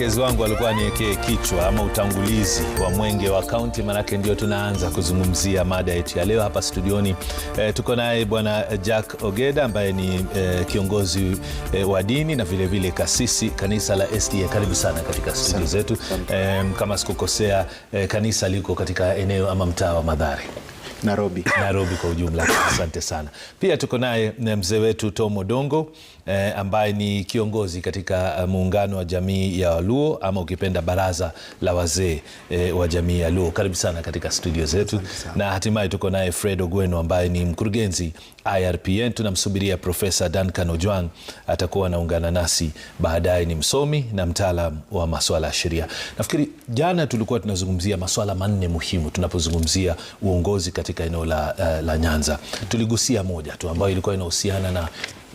mwelekezi wangu alikuwa niwekee kichwa ama utangulizi wa mwenge wa kaunti, manake ndio tunaanza kuzungumzia mada yetu ya leo hapa studioni. E, tuko naye bwana Jack Ogeda ambaye ni e, kiongozi e, wa dini na vilevile vile kasisi kanisa la SDA. Karibu sana katika studio zetu. E, kama sikukosea, e, kanisa liko katika eneo ama mtaa wa madhari Nairobi, Nairobi kwa ujumla. Asante sana. Pia tuko naye mzee wetu Tom Odongo eh, ambaye ni kiongozi katika eh, muungano wa jamii ya Waluo ama ukipenda baraza la wazee eh, wa jamii ya Luo. Karibu sana katika studio zetu, na hatimaye tuko naye Fred Ogweno ambaye ni mkurugenzi IRPN. Tunamsubiria Profesa Duncan Ojwang, atakuwa anaungana nasi baadaye. Ni msomi na mtaalam wa maswala ya sheria. Nafikiri jana tulikuwa tunazungumzia maswala manne muhimu tunapozungumzia uongozi katika eneo la, uh, la Nyanza. Tuligusia moja tu ambayo ilikuwa inahusiana na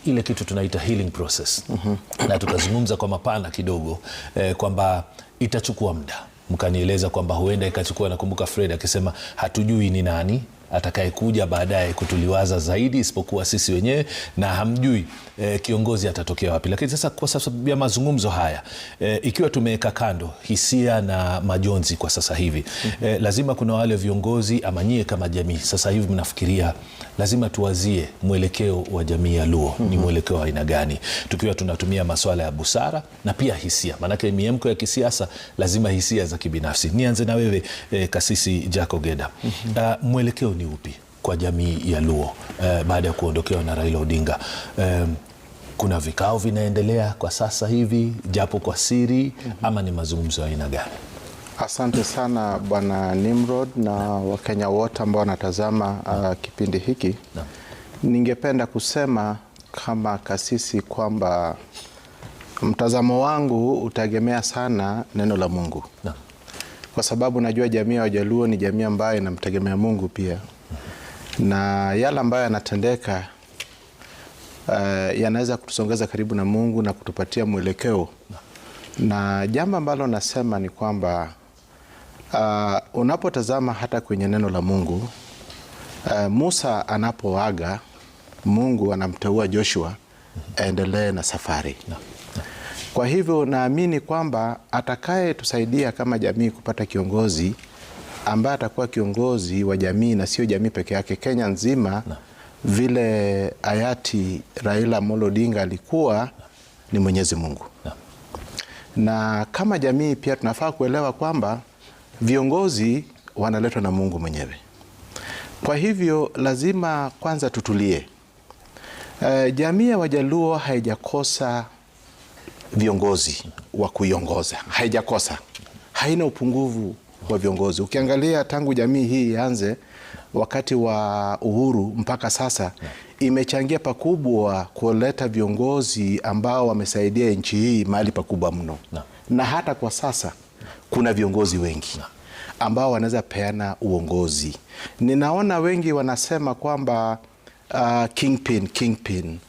ile kitu tunaita healing process mm -hmm. na tutazungumza kwa mapana kidogo eh, kwamba itachukua muda mkanieleza kwamba huenda ikachukua. Nakumbuka Fred akisema hatujui ni nani atakayekuja baadaye kutuliwaza zaidi isipokuwa sisi wenyewe, na hamjui e, kiongozi atatokea wapi. Lakini sasa kwa sababu ya mazungumzo haya e, ikiwa tumeweka kando hisia na majonzi kwa sasa hivi mm -hmm. E, lazima kuna wale viongozi ama nyie kama jamii sasa hivi mnafikiria, lazima tuwazie mwelekeo wa jamii ya Luo mm -hmm. ni mwelekeo wa aina gani, tukiwa tunatumia maswala ya busara na pia hisia, maanake miemko ya kisiasa lazima hisia za kibinafsi. Nianze na wewe e, Kasisi Jaco Geda mm -hmm. mwelekeo ni upi kwa jamii ya Luo eh, baada ya kuondokewa na Raila Odinga eh, kuna vikao vinaendelea kwa sasa hivi japo kwa siri mm -hmm. ama ni mazungumzo ya aina gani? Asante sana Bwana Nimrod na Wakenya wote ambao wanatazama uh, kipindi hiki na. Ningependa kusema kama kasisi kwamba mtazamo wangu utaegemea sana neno la Mungu na kwa sababu najua jamii ya Wajaluo ni jamii ambayo inamtegemea Mungu pia, na yale ambayo yanatendeka uh, yanaweza kutusongeza karibu na Mungu na kutupatia mwelekeo. Na jambo ambalo nasema ni kwamba uh, unapotazama hata kwenye neno la Mungu uh, Musa anapoaga Mungu anamteua Joshua aendelee na safari no. Kwa hivyo naamini kwamba atakayetusaidia kama jamii kupata kiongozi ambaye atakuwa kiongozi wa jamii na sio jamii peke yake, Kenya nzima na vile hayati Raila Amolo Odinga alikuwa na ni Mwenyezi Mungu na na kama jamii pia tunafaa kuelewa kwamba viongozi wanaletwa na Mungu mwenyewe. Kwa hivyo lazima kwanza tutulie. E, jamii ya Wajaluo haijakosa viongozi wa kuiongoza. Haijakosa, haina upungufu wa viongozi. Ukiangalia tangu jamii hii ianze wakati wa uhuru mpaka sasa, imechangia pakubwa kuleta viongozi ambao wamesaidia nchi hii mahali pakubwa mno na, na hata kwa sasa kuna viongozi wengi ambao wanaweza peana uongozi. Ninaona wengi wanasema kwamba uh, kingpin, kingpin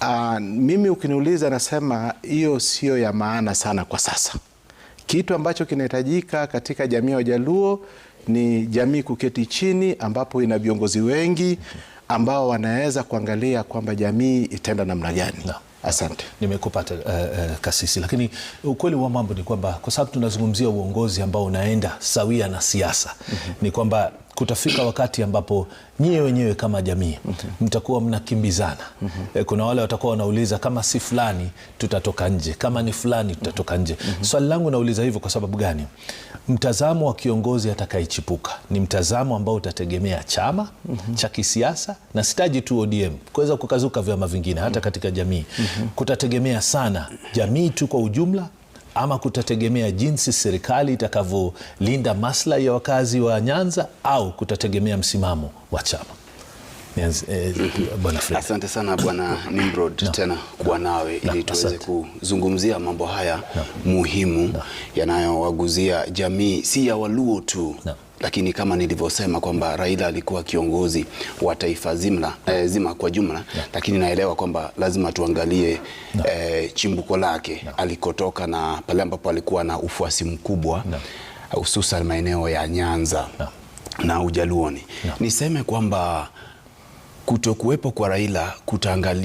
Uh, mimi ukiniuliza nasema hiyo sio ya maana sana kwa sasa. Kitu ambacho kinahitajika katika jamii ya Wajaluo ni jamii kuketi chini, ambapo ina viongozi wengi ambao wanaweza kuangalia kwamba jamii itenda namna gani. No. Asante, nimekupata uh, eh, uh, eh, Kasisi, lakini ukweli wa mambo ni kwamba kwa sababu tunazungumzia uongozi ambao unaenda sawia na siasa, mm -hmm. ni kwamba kutafika wakati ambapo nyie wenyewe kama jamii mtakuwa mnakimbizana. Eh, kuna wale watakuwa wanauliza kama si fulani tutatoka nje, kama ni fulani tutatoka nje. Swali langu nauliza hivyo kwa sababu gani? Mtazamo wa kiongozi atakayechipuka ni mtazamo ambao utategemea chama cha kisiasa, na sitaji tu ODM, kuweza kukazuka vyama vingine, hata katika jamii kutategemea sana jamii tu kwa ujumla ama kutategemea jinsi serikali itakavyolinda maslahi ya wakazi wa Nyanza au kutategemea msimamo wa chama? Eh, asante sana Bwana Nimrod no. tena kuwa nawe no. ili tuweze kuzungumzia mambo haya no. muhimu no. yanayowaguzia jamii si ya Waluo tu no lakini kama nilivyosema kwamba Raila alikuwa kiongozi wa taifa zima, eh, zima kwa jumla Lakini naelewa kwamba lazima tuangalie no. eh, chimbuko lake no. alikotoka na pale ambapo alikuwa na ufuasi mkubwa hususan no. maeneo ya Nyanza no. na Ujaluoni no. Niseme kwamba kutokuwepo kwa Raila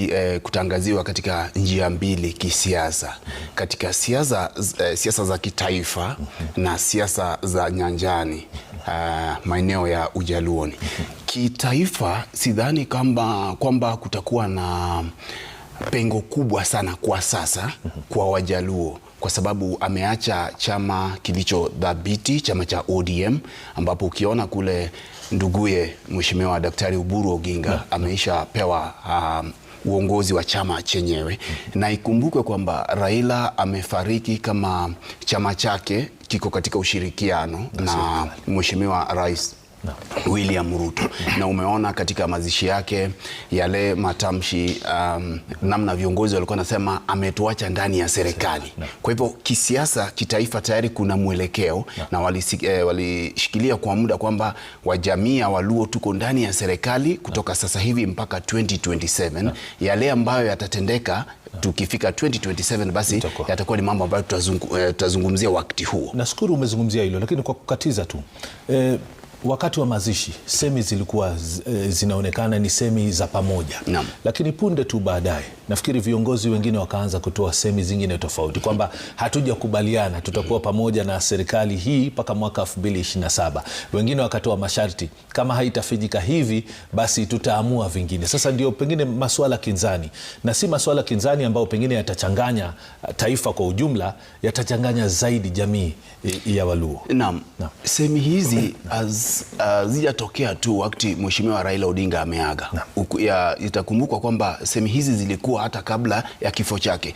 eh, kutangaziwa katika njia mbili kisiasa, mm-hmm. katika siasa eh, siasa za kitaifa mm-hmm. na siasa za nyanjani mm-hmm uh, maeneo ya Ujaluoni. Kitaifa sidhani kwamba kwamba kutakuwa na pengo kubwa sana kwa sasa mhm. kwa Wajaluo kwa sababu ameacha chama kilicho dhabiti, chama cha ODM, ambapo ukiona kule nduguye Mheshimiwa Daktari Uburu Oginga ameisha pewa um, uongozi wa chama chenyewe mm. Na ikumbukwe kwamba Raila amefariki kama chama chake kiko katika ushirikiano na Mheshimiwa Rais no. William Ruto na umeona katika mazishi yake yale matamshi um, namna viongozi walikuwa nasema ametuacha ndani ya serikali no. Kwa hivyo kisiasa, kitaifa tayari kuna mwelekeo no. Na eh, walishikilia eh, wali kwa muda kwamba wajamii Waluo tuko ndani ya serikali kutoka no. sasa hivi mpaka 2027 no. Yale ambayo yatatendeka tukifika 2027 basi yatakuwa ni mambo ambayo eh, tutazungumzia wakati huo. Nashukuru umezungumzia hilo, lakini kwa kukatiza tu e, Wakati wa mazishi semi zilikuwa eh, zinaonekana ni semi za pamoja na, Lakini punde tu baadaye nafikiri viongozi wengine wakaanza kutoa semi zingine tofauti kwamba hatujakubaliana, tutakuwa pamoja na serikali hii mpaka mwaka 2027. Wengine wakatoa masharti, kama haitafanyika hivi basi tutaamua vingine. Sasa ndio pengine masuala kinzani, na si masuala kinzani ambayo pengine yatachanganya eh, taifa kwa ujumla, yatachanganya zaidi jamii eh, ya Waluo. Naam. Semi hizi uh, zijatokea tu wakati Mheshimiwa Raila Odinga ameaga. Itakumbukwa kwamba semi hizi zilikuwa hata kabla ya kifo chake.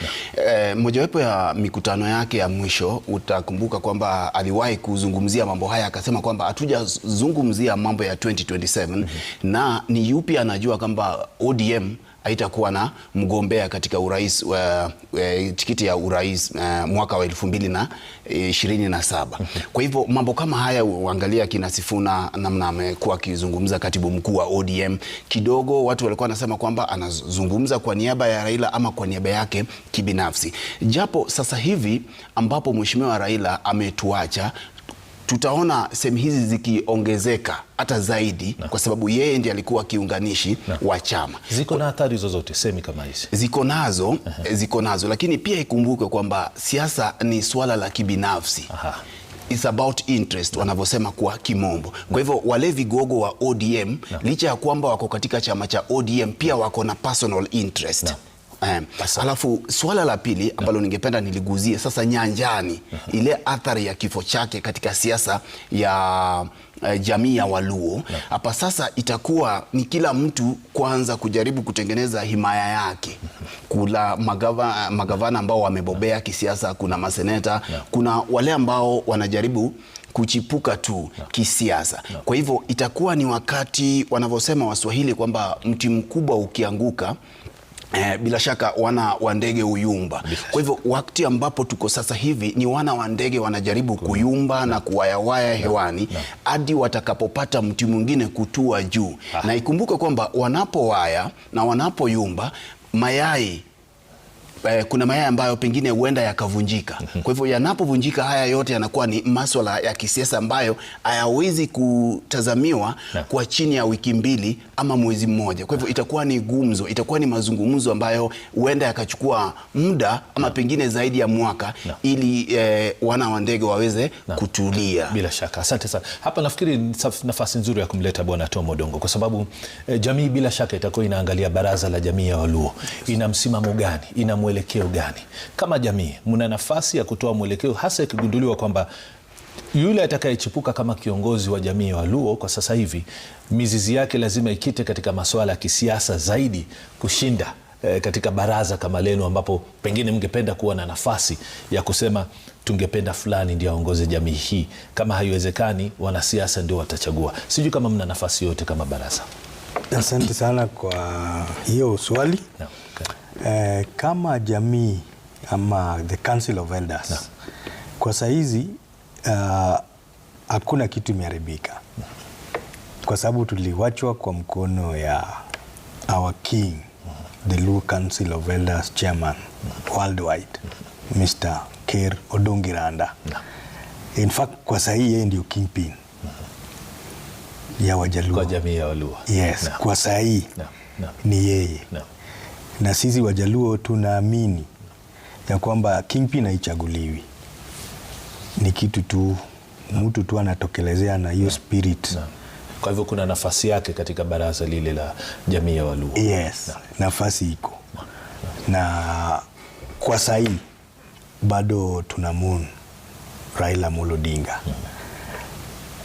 E, mojawapo ya mikutano yake ya mwisho utakumbuka kwamba aliwahi kuzungumzia mambo haya akasema kwamba hatujazungumzia mambo ya 2027 mm -hmm. na ni yupi anajua kwamba ODM haitakuwa na mgombea katika urais uh, uh, tikiti ya urais uh, mwaka wa elfu mbili na eh, ishirini na saba. Mhm. Kwa hivyo mambo kama haya uangalia kina Sifuna namna amekuwa akizungumza katibu mkuu wa ODM, kidogo watu walikuwa wanasema kwamba anazungumza kwa niaba ya Raila ama kwa niaba yake kibinafsi, japo sasa hivi ambapo mheshimiwa Raila ametuacha tutaona sehemu hizi zikiongezeka hata zaidi na, kwa sababu yeye ndiye alikuwa kiunganishi wa chama. Ziko na athari zozote sehemu kama hizi? Ziko nazo, uh -huh. Ziko nazo, lakini pia ikumbuke kwamba siasa ni swala la kibinafsi. Aha. It's about interest wanavyosema kwa kimombo. Kwa hivyo wale vigogo wa ODM no. licha ya kwamba wako katika chama cha ODM pia wako na personal interest no. Eh, alafu suala la pili ambalo ningependa niliguzie sasa nyanjani ile athari ya kifo chake katika siasa ya eh, jamii ya Waluo hapa sasa itakuwa ni kila mtu kwanza kujaribu kutengeneza himaya yake. Kuna magava, magavana ambao wamebobea kisiasa, kuna maseneta, kuna wale ambao wanajaribu kuchipuka tu no. kisiasa no. Kwa hivyo itakuwa ni wakati wanavyosema Waswahili kwamba mti mkubwa ukianguka Eh, bila shaka wana wa ndege huyumba. Kwa hivyo wakati ambapo tuko sasa hivi ni wana wa ndege wanajaribu mm. kuyumba na mm. kuwayawaya mm. hewani hadi watakapopata mti mwingine kutua juu, ah. na ikumbuke kwamba wanapowaya na wanapoyumba mayai eh, kuna mayai ambayo pengine huenda yakavunjika. mm -hmm. Kwa hivyo yanapovunjika, haya yote yanakuwa ni maswala ya kisiasa ambayo hayawezi kutazamiwa no. kwa chini ya wiki mbili ama mwezi mmoja. Kwa hivyo itakuwa ni gumzo, itakuwa ni mazungumzo ambayo huenda yakachukua muda ama no. pengine zaidi ya mwaka no. ili eh, wana wa ndege waweze no. kutulia. Bila shaka, asante sana. Hapa nafikiri nafasi nzuri ya kumleta Bwana Tom Odongo kwa sababu eh, jamii bila shaka itakuwa inaangalia baraza la jamii ya Waluo ina msimamo gani, ina mwele mwelekeo gani? Kama jamii, mna nafasi ya kutoa mwelekeo, hasa ikigunduliwa kwamba yule atakayechipuka kama kiongozi wa jamii wa Waluo kwa sasa hivi mizizi yake lazima ikite katika masuala ya kisiasa zaidi kushinda eh, katika baraza kama lenu ambapo pengine mngependa kuwa na nafasi ya kusema tungependa fulani ndio aongoze jamii hii. Kama haiwezekani, wanasiasa ndio watachagua. Sijui kama mna nafasi yote kama baraza. Asante sana kwa hiyo swali no. Eh, kama jamii ama the Council of Elders no. Kwa saizi eh, hakuna kitu imeharibika kwa sababu tuliwachwa kwa mkono ya our king the Luo Council of Elders chairman worldwide Mr. Ker Odongiranda no. In fact kwa sahii yeye ndio kingpin ya Wajaluo kwa jamii ya Waluo. Yes, no. Kwa sahii no. no. ni yeye no na sisi Wajaluo tunaamini ya kwamba kingpin haichaguliwi, ni kitu tu mtu tu anatokelezea na hiyo spirit na. Kwa hivyo kuna nafasi yake katika baraza lile la jamii ya Waluo. Yes, na. nafasi iko na. Na. na kwa sahii bado tuna moon Raila Amolo Odinga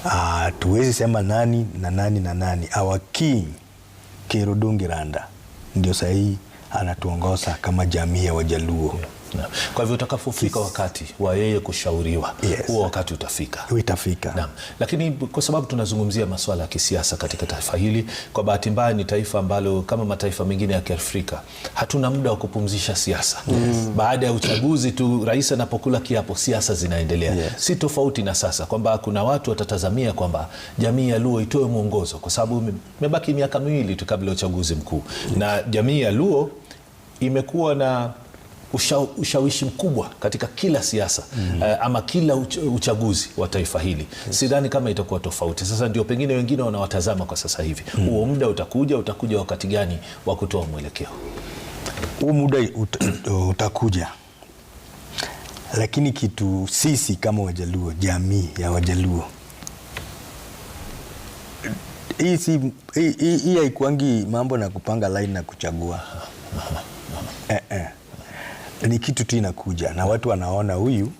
Uh, tuwezi sema nani na nani na nani. Our king Kerodungiranda ndio sahii anatuongoza kama jamii ya Wajaluo. Kwa hivyo utakapofika wakati wa yeye kushauriwa huo, yes, wakati utafika, itafika. lakini kwa sababu tunazungumzia masuala ya kisiasa katika taifa hili, kwa bahati mbaya ni taifa ambalo kama mataifa mengine ya Kiafrika hatuna muda wa kupumzisha siasa. Yes. Baada ya uchaguzi tu rais anapokula kiapo siasa zinaendelea. Yes. Si tofauti na sasa kwamba kuna watu watatazamia kwamba jamii ya Luo itoe mwongozo kwa sababu imebaki miaka miwili tu kabla ya uchaguzi mkuu. Yes. Na jamii ya Luo imekuwa na usha, ushawishi mkubwa katika kila siasa mm -hmm. uh, ama kila uch uchaguzi wa taifa hili yes. Sidhani kama itakuwa tofauti. Sasa ndio pengine wengine wanawatazama kwa sasa hivi mm huo -hmm. muda utakuja, utakuja wakati gani wa kutoa mwelekeo huu? Muda ut utakuja, lakini kitu sisi kama Wajaluo, jamii ya Wajaluo hii haikuangi mambo na kupanga laini na kuchagua eh, eh. Ni kitu tu inakuja na watu wanaona huyu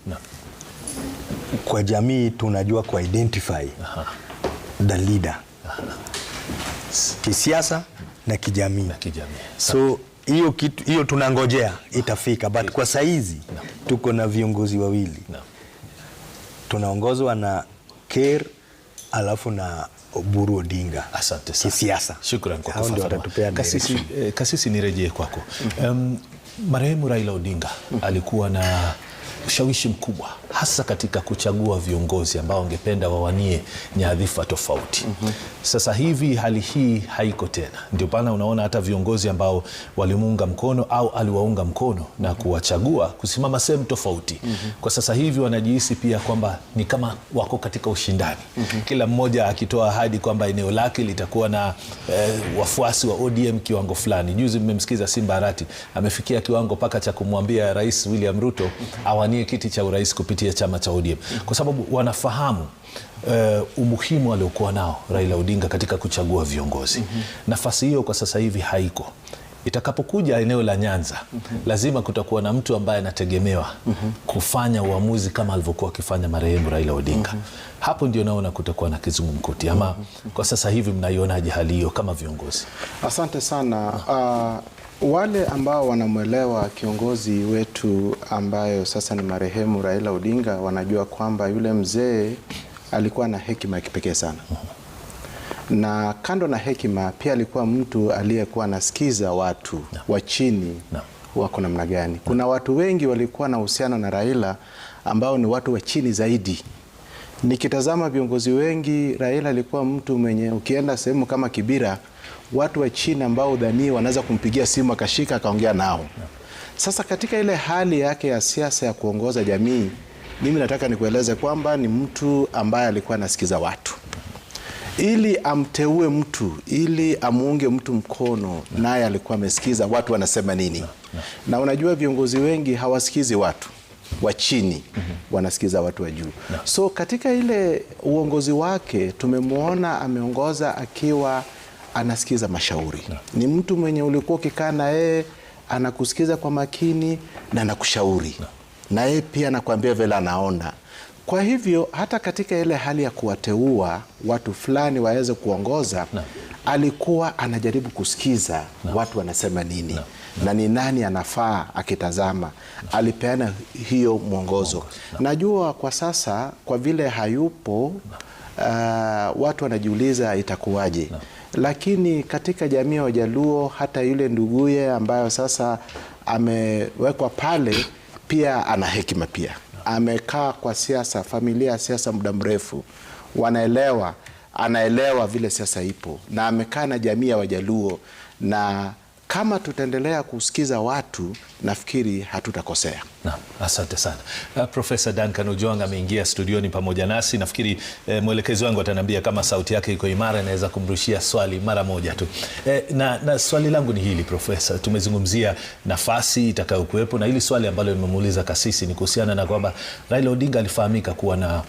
Kwa jamii tunajua ku identify the leader kisiasa na kijamii, na kijamii. So hiyo kitu hiyo tunangojea itafika, but kwa saizi tuko na viongozi wawili tunaongozwa na Kerr alafu na Oburu Odinga. Asante sana. Kisiasa. Shukrani kwa kufafanua. Kasisi, eh, Kasisi nirejee kwako. Mm -hmm. Um, marehemu Raila Odinga mm -hmm. alikuwa na ushawishi mkubwa hasa katika kuchagua viongozi ambao wangependa wawanie nyadhifa tofauti. mm -hmm. Sasa hivi hali hii haiko tena, ndio pana unaona hata viongozi ambao walimuunga mkono au aliwaunga mkono na kuwachagua kusimama sehemu tofauti. mm -hmm. Kwa sasa hivi wanajihisi pia kwamba ni kama wako katika ushindani. mm -hmm. Kila mmoja akitoa ahadi kwamba eneo lake litakuwa na eh, wafuasi wa ODM kiwango fulani. Juzi mmemsikiza Simba Arati amefikia kiwango mpaka cha kumwambia Rais William Ruto mm -hmm awanie kiti cha urais kupitia chama cha ODM kwa sababu wanafahamu Uh, umuhimu aliokuwa nao Raila Odinga katika kuchagua viongozi. mm -hmm. Nafasi hiyo kwa sasa hivi haiko. Itakapokuja eneo la Nyanza, mm -hmm. lazima kutakuwa na mtu ambaye anategemewa mm -hmm. kufanya uamuzi kama alivyokuwa akifanya marehemu Raila Odinga. mm -hmm. Hapo ndio naona kutakuwa na kizungumkuti ama. mm -hmm. Kwa sasa hivi mnaionaje hali hiyo kama viongozi? Asante sana. uh, wale ambao wanamwelewa kiongozi wetu ambayo sasa ni marehemu Raila Odinga wanajua kwamba yule mzee alikuwa na hekima ya kipekee sana, na kando na hekima pia alikuwa mtu aliyekuwa anasikiza watu no. wa chini no. wako namna gani. Kuna watu wengi walikuwa na uhusiano na Raila ambao ni watu wa chini zaidi. Nikitazama viongozi wengi, Raila alikuwa mtu mwenye, ukienda sehemu kama Kibira watu wa chini ambao udhanii wanaweza kumpigia simu akashika akaongea nao. Sasa katika ile hali yake ya siasa ya kuongoza jamii, mimi nataka nikueleze kwamba ni mtu ambaye alikuwa anasikiza watu ili amteue mtu ili amuunge mtu mkono, naye alikuwa amesikiza watu wanasema nini na, unajua viongozi wengi hawasikizi watu wa chini mm -hmm. Wanasikiza watu wa juu So katika ile uongozi wake tumemwona ameongoza akiwa anasikiza mashauri no. Ni mtu mwenye ulikuwa ukikaa na yeye anakusikiza kwa makini na anakushauri no. Na yeye pia anakuambia vile anaona. Kwa hivyo hata katika ile hali ya kuwateua watu fulani waweze kuongoza no. Alikuwa anajaribu kusikiza no. Watu wanasema nini no. Na ni nani anafaa akitazama no. Alipeana hiyo mwongozo no. Najua kwa sasa kwa vile hayupo Uh, watu wanajiuliza itakuwaje no lakini katika jamii ya Wajaluo hata yule nduguye ambayo sasa amewekwa pale pia ana hekima pia, amekaa kwa siasa, familia ya siasa muda mrefu, wanaelewa, anaelewa vile siasa ipo, na amekaa na jamii ya Wajaluo na kama tutaendelea kusikiza watu, nafikiri hatutakosea. Na, asante sana uh, eh, Profesa Duncan Ojwang ameingia studioni pamoja nasi. Nafikiri eh, mwelekezi wangu ataniambia kama sauti yake iko imara, inaweza kumrushia swali mara moja tu eh, na, na swali langu ni hili Profesa, tumezungumzia nafasi itakayokuwepo na hili swali ambalo limemuuliza kasisi ni kuhusiana na kwamba Raila Odinga alifahamika kuwa na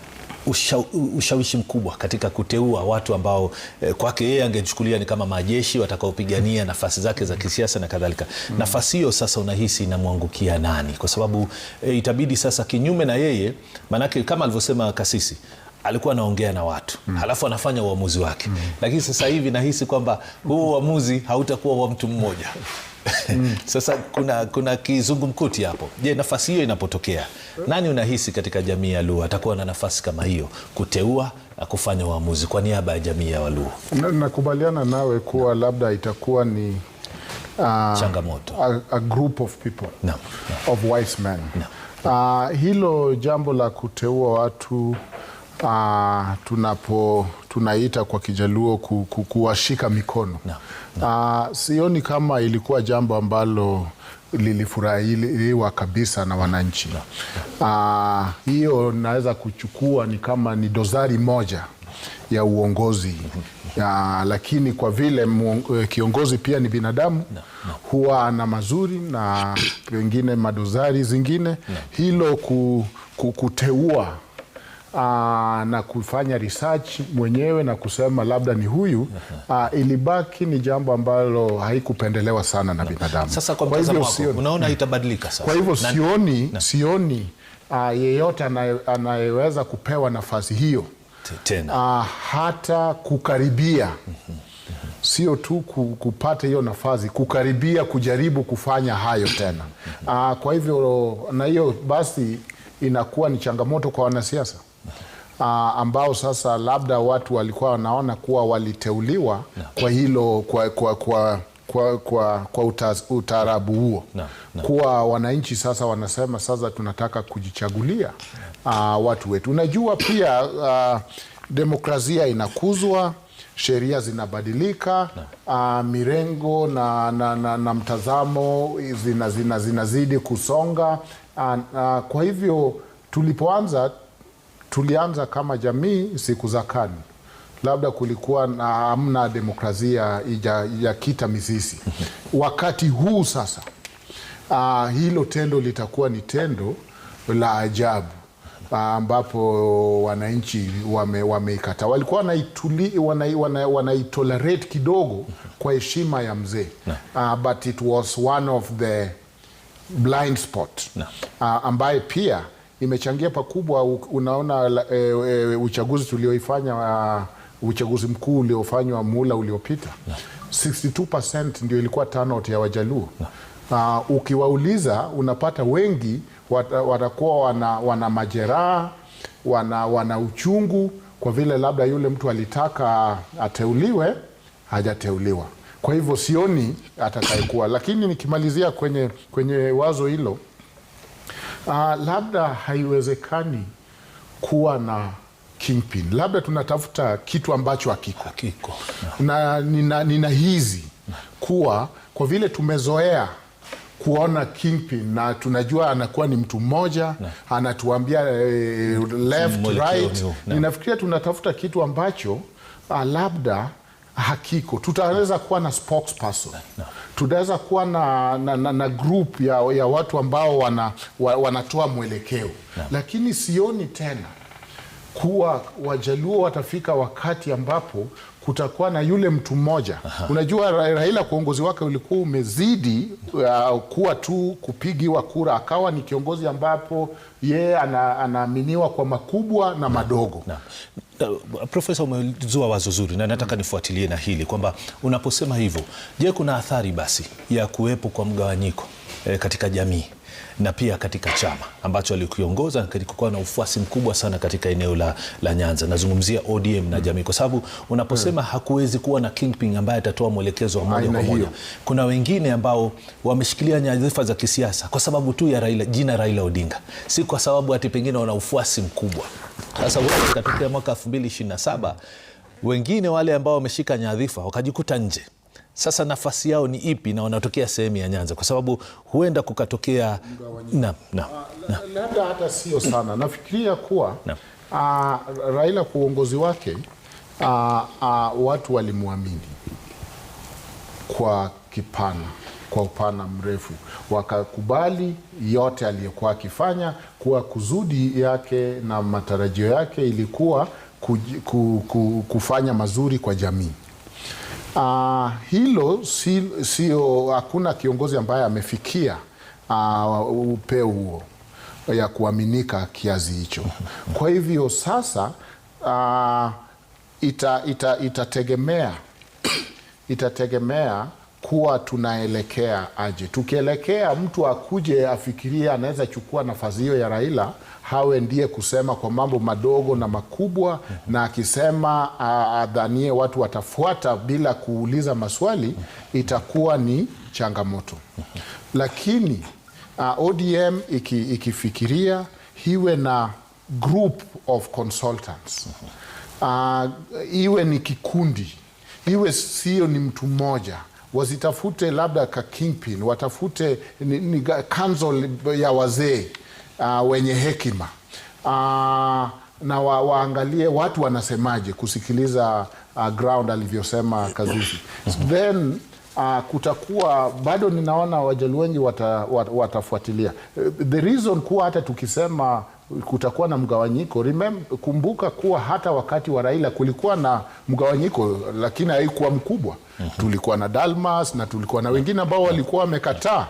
ushawishi mkubwa katika kuteua watu ambao eh, kwake yeye angechukulia ni kama majeshi watakaopigania nafasi zake za kisiasa na kadhalika mm. Nafasi hiyo sasa unahisi inamwangukia nani? Kwa sababu eh, itabidi sasa kinyume na yeye, maanake kama alivyosema kasisi alikuwa anaongea na watu mm. halafu anafanya uamuzi wake mm. Lakini sasa hivi nahisi kwamba huo uamuzi hautakuwa wa mtu mmoja Sasa kuna, kuna kizungumkuti hapo. Je, nafasi hiyo inapotokea, nani unahisi katika jamii ya Luo atakuwa na nafasi kama hiyo kuteua na kufanya uamuzi kwa niaba ya jamii ya Waluo? Nakubaliana na nawe kuwa labda itakuwa ni uh, a, a group of people of wise men Uh, hilo jambo la kuteua watu uh, tunapo tunaita kwa Kijaluo ku, ku, kuwashika mikono no, no. Uh, sioni kama ilikuwa jambo ambalo lilifurahiwa kabisa na wananchi no, no. Uh, hiyo naweza kuchukua ni kama ni dozari moja ya uongozi ya, mhm. ah, lakini kwa vile eh, kiongozi pia ni binadamu no, no. Huwa ana mazuri na pengine madozari zingine no. Hilo ku, ku, kuteua aa, ah, na kufanya research mwenyewe na kusema labda ni huyu aa, ah, ilibaki ni jambo ambalo haikupendelewa sana na binadamu. Sasa kwa mtazamo wako unaona itabadilika sasa? Kwa hivyo sioni, sioni aa, ah, yeyote anayeweza kupewa nafasi hiyo tena. Aa, hata kukaribia sio tu kupata hiyo nafasi, kukaribia kujaribu kufanya hayo tena. Aa, kwa hivyo na hiyo basi inakuwa ni changamoto kwa wanasiasa uh, ambao sasa labda watu walikuwa wanaona kuwa waliteuliwa na. kwa hilo kwa, kwa, kwa kwa, kwa, kwa utaarabu huo Kuwa wananchi sasa wanasema sasa tunataka kujichagulia uh, watu wetu. Unajua pia uh, demokrasia inakuzwa, sheria zinabadilika na. uh, mirengo na, na, na, na mtazamo zinazidi zina, zina kusonga uh, uh, kwa hivyo tulipoanza tulianza kama jamii siku za KANU, labda kulikuwa na amna demokrasia ijakita mizizi. Wakati huu sasa, uh, hilo tendo litakuwa ni tendo la ajabu ah, ambapo uh, wananchi wameikata wame walikuwa wanaitolerate wana, wana kidogo kwa heshima ya mzee uh, but it was one of the blind spot uh, ambaye pia imechangia pakubwa. Unaona e, e, uchaguzi tulioifanya uh, uchaguzi mkuu uliofanywa muhula uliopita 62% ndio ilikuwa turnout ya Wajaluo. Uh, ukiwauliza unapata wengi watakuwa wana, wana majeraha wana, wana uchungu kwa vile labda yule mtu alitaka ateuliwe hajateuliwa. Kwa hivyo sioni atakayekuwa, lakini nikimalizia kwenye, kwenye wazo hilo Uh, labda haiwezekani kuwa na kingpin, labda tunatafuta kitu ambacho hakiko hakiko. na nina, nina hizi kuwa kwa vile tumezoea kuona kingpin na tunajua anakuwa ni mtu mmoja anatuambia eh, left right. Ninafikiria tunatafuta kitu ambacho ah, labda hakiko. Tutaweza kuwa na spokesperson, tutaweza kuwa na, na, na, na group ya, ya watu ambao wana, wa, wanatoa mwelekeo na. Lakini sioni tena kuwa Wajaluo watafika wakati ambapo kutakuwa na yule mtu mmoja. Unajua, Raila kwa uongozi wake ulikuwa umezidi uh, kuwa tu kupigiwa kura, akawa ni kiongozi ambapo yeye anaaminiwa ana kwa makubwa na madogo na, na. Uh, Profesa, umezua wazo zuri na nataka nifuatilie na hili kwamba unaposema hivyo, je, kuna athari basi ya kuwepo kwa mgawanyiko e, katika jamii? na pia katika chama ambacho alikiongoza kilikuwa na ufuasi mkubwa sana katika eneo la, la Nyanza. Nazungumzia ODM na jamii, kwa sababu unaposema hmm, hakuwezi kuwa na kingpin ambaye atatoa mwelekezo wa moja kwa moja. Kuna wengine ambao wameshikilia nyadhifa za kisiasa kwa sababu tu ya Raila, jina Raila Odinga, si kwa sababu ati pengine wana ufuasi mkubwa. Sasa katokea mwaka 2027 wengine wale ambao wameshika nyadhifa wakajikuta nje. Sasa nafasi yao ni ipi na wanatokea sehemu ya Nyanza? Kwa sababu huenda kukatokea na, na, ah, na. Labda hata sio sana nafikiria kuwa na. uh, Raila kwa uongozi wake uh, uh, watu walimwamini kwa kipana kwa upana mrefu, wakakubali yote aliyokuwa akifanya, kuwa kuzudi yake na matarajio yake ilikuwa kuj, ku, ku, kufanya mazuri kwa jamii. Uh, hilo sio si, hakuna kiongozi ambaye amefikia uh, upeo huo ya kuaminika kiasi hicho. Kwa hivyo sasa uh, ita, ita, itategemea itategemea kuwa tunaelekea aje. Tukielekea mtu akuje afikirie anaweza chukua nafasi hiyo ya Raila, hawe ndiye kusema kwa mambo madogo na makubwa, na akisema adhanie watu watafuata bila kuuliza maswali, itakuwa ni changamoto. Lakini a, ODM iki, ikifikiria hiwe na group of consultants uh, iwe ni kikundi, iwe sio ni mtu mmoja wazitafute labda ka kingpin, watafute ni, ni kanzo ya wazee uh, wenye hekima uh, na wa, waangalie watu wanasemaje, kusikiliza uh, ground alivyosema Kazizi then Uh, kutakuwa bado ninaona Wajaluo wengi wata, wat, watafuatilia eh, the reason kuwa hata tukisema kutakuwa na mgawanyiko. kumbuka kuwa hata wakati wa Raila kulikuwa na mgawanyiko, lakini haikuwa mkubwa. Mhm. Tulikuwa na Dalmas na tulikuwa na wengine ambao walikuwa wamekataa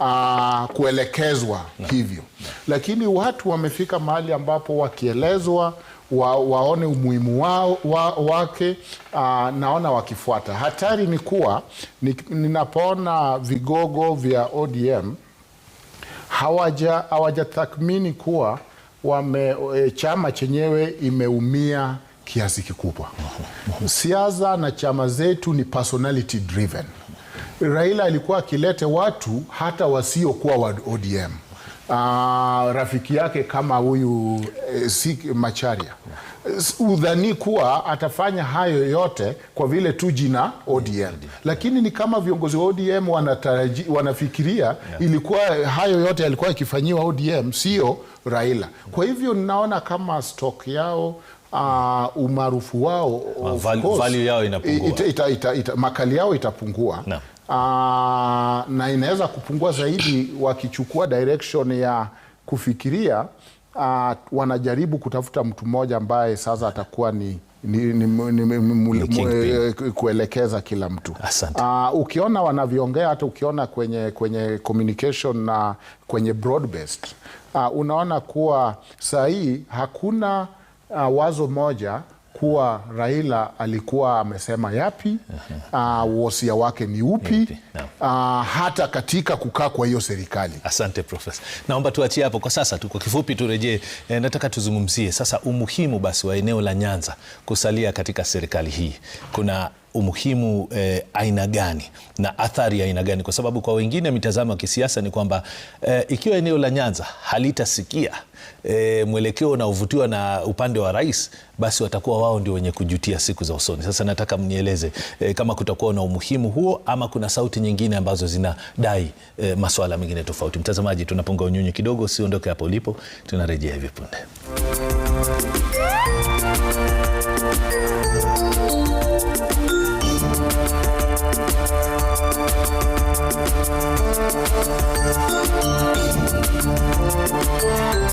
uh, kuelekezwa mhm. hivyo, lakini watu wamefika mahali ambapo wakielezwa wa, waone umuhimu wao wa, wake uh, naona wakifuata. Hatari ni kuwa ni, ninapoona vigogo vya ODM hawaja hawajatathmini kuwa wame e, chama chenyewe imeumia kiasi kikubwa. Siasa na chama zetu ni personality driven. Raila alikuwa akilete watu hata wasiokuwa wa ODM Uh, rafiki yake kama huyu eh, si Macharia udhani kuwa atafanya hayo yote kwa vile tu jina ODM, lakini ni kama viongozi wa ODM wanataraji, wanafikiria ilikuwa hayo yote yalikuwa yakifanyiwa ODM, sio Raila. Kwa hivyo ninaona kama stock yao Uh, umaarufu wao, of course, value yao inapungua, ita, ita, ita, ita, makali yao itapungua no aa, ah, na inaweza kupungua zaidi wakichukua direction ya kufikiria aa, ah, wanajaribu kutafuta mtu mmoja ambaye sasa atakuwa ni, ni, ni, ni, ni, ni eh, eh, kuelekeza kila mtu. Uh, ukiona wanavyoongea hata ukiona kwenye, kwenye communication na kwenye broad based uh, unaona kuwa saa hakuna uh, wazo moja kuwa Raila alikuwa amesema yapi, wosia ah, wake ni upi, ah, hata katika kukaa kwa hiyo serikali. Asante Profesa, naomba tuachie hapo kwa sasa tu. Kwa kifupi turejee, e, eh, nataka tuzungumzie sasa umuhimu basi wa eneo la Nyanza kusalia katika serikali hii. Kuna umuhimu e, aina gani na athari aina gani? Kwa sababu kwa wengine mitazamo ya kisiasa ni kwamba e, ikiwa eneo la Nyanza halitasikia e, mwelekeo unaovutiwa na upande wa rais, basi watakuwa wao ndio wenye kujutia siku za usoni. Sasa nataka mnieleze e, kama kutakuwa na umuhimu huo ama kuna sauti nyingine ambazo zinadai e, masuala mengine tofauti. Mtazamaji, tunapunga unyunyu kidogo, usiondoke hapo ulipo, tunarejea hivi punde.